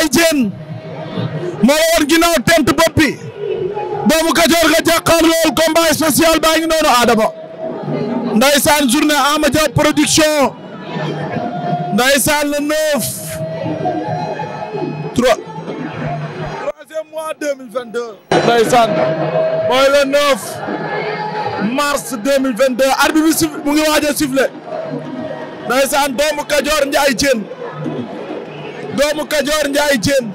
Abdoulaye Diène moo la woon ginnaaw tent bopp bi doomu Kajoor nga jàkkaar lool combat spécial baa ngi noonu Adama ndaysaan journée Ama Dia production ndaysaan le 9 3 troisième mois 2022 ndaysaan mooy le 9 mars 2022 arbitre bi mu ngi waaj a siffler ndaysaan doomu Kajoor Njaay Diène doomu Kajoor Ndiaye Diène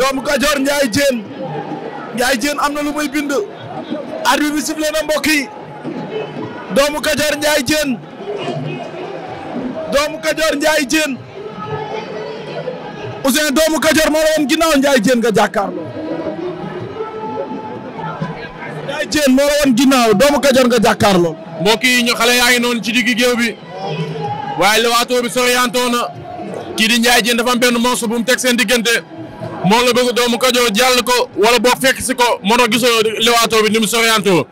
doomu Kajoor Ndiaye Diène am na lu muy bind arbitre bi sifflé na mbokk yi doomu Kajoor Ndiaye Diène doomu Kajoor Ndiaye Diène Ousseyn doomu Kajoor moo la woon ginnaaw Ndiaye Diène nga jàkkaarloo Ndiaye Diène moo doomu Kajoor nga jàkkaarloo mbokk yi ñu xale yaa ngi noonu ci digg géew bi waaye lewaatoo bi soriyaantoo na kii di Ndiaye Diène dafa am benn morceau bu mu teg seen diggante moom la bëgg doomu Kajoor jàll ko wala boo fekk si ko moo tax gisoo lewaatoo bi ni mu soriantoo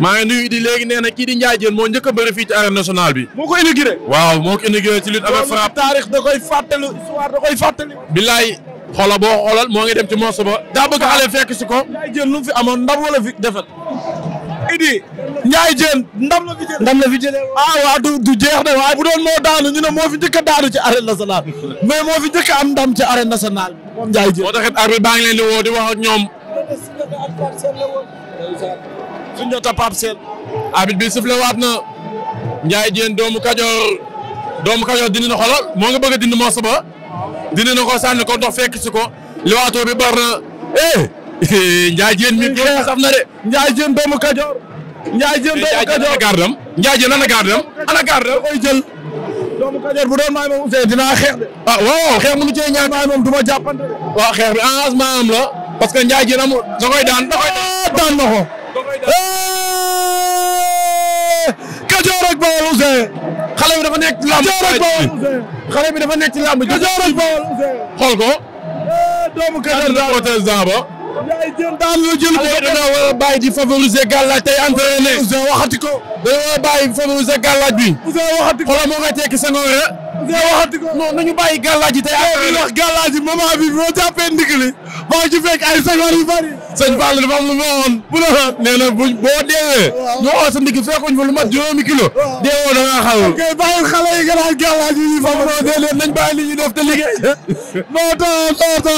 maa ngi nuyu di léegi nee na kii di Ndiaye Diène moo njëkk a bëri fii ci arène nationale bi. moo ko inauguré. waaw moo ko inauguré ci lutte avec frappe. taarix da koy fàttali histoire da xoola boo xoolal moo ngi dem ci morceau ba. daa bëgg xale fekk si ko. lu mu fi amoon ndam wala fi defet. Ndiaye Diène ndam la fi jëlee ndam la fi ah, du jeex de waaye bu doon moo daanu ñu ne moo fi njëkk a daanu ci arène nationale mais moo fi njëkk a am ndam ci arène nationale moo taxit arbitre baa leen di wax ñoom Sunjata Pape Sène arbitre bi sifflé waat na Ndiaye Diène doomu Kajoor doomu Kajoor dindi na xoolal moo ngi bëgg a dindi ba dindi na ko sànni ko ndox fekk si ko li waatoo bi bar na eh Ndiaye Diène mi saf na de Ndiaye Diène doomu Kajoor Ndiaye jël doomu gardam Ndiaye jël ana gardam ana gardam da jël doomu maay moom Ousseyn dinaa xeex ah waaw xeex mënu cee ñaar maay moom du ma jàppante xeex bi arrangement am la parce que Ndiaye jël amul da daan da koy daan ah, na ko eh, Kajoor ak Bawol Ousseyn xale dafa nekk ci làmb Kajoor ak Bawol Ousseyn xale eh, doomu Kajoor daal yaay jën daal yoo jël ko da war a bàyyi di favoriser gàllaaj tey entraîné Ouzin waxati ko da war a bàyyi favoriser gàllaaj bi Ouzin waxati ko xoolal moo ngay tekki sa ngoore Ouzin waxati ko non nañu bàyyi gàllaaj yi tey entraîné wax gàllaaj yi moment bi boo jàppee ndigali boo ci fekk ay sagar yu bari sëñ Fall dafa am lu ma woon bu la nee na bu boo deewee ñu oo sa ndigg fekkuñ fa lu mat juróomi kilo deewoo da ngaa xaw ok bàyyi xale yi gënaa gàllaaj yi ñu fa mënoo déedéet nañ bàyyi li ñu def te liggéey noota noota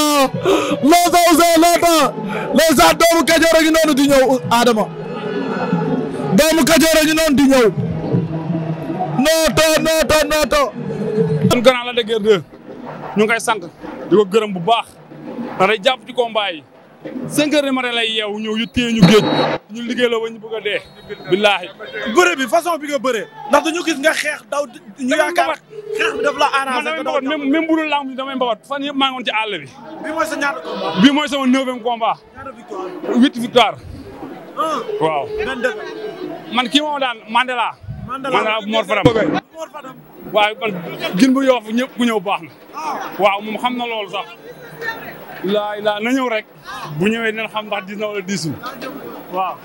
noota Ousseyn noota ndeysaan doomu Kajoor a ngi noonu di ñëw Adama doomu Kajoor a ngi noonu di ñëw noota noota noota kon gannaaw la dëgër de ñu ngi koy sant di ko gërëm bu baax ndax day jàpp ci combat yi cinq heures de yeew ñëw ñu téye ñu géej ñu liggéey la ba ñu bëgg a dee billaahi bëre bi façon bi nga bëree ndax dañu gis nga xeex daw ñu yaakaar xeex bi daf la arrangé damay mbabat même bu dul lamb bi damay mbabat fan yëpp maa ngi ci àll bi bii mooy sa ñaata combat mooy sama neuvième combat ñaata victoire huit victoire waaw man kii moom daan Mandela Mandela bu Mor waaye man gin bu yoofu ñëpp ku ñëw baax na waaw moom xam na loolu sax laa laa na ñëw rek bu ñëwee dina xam ndax dix na wala diisul waaw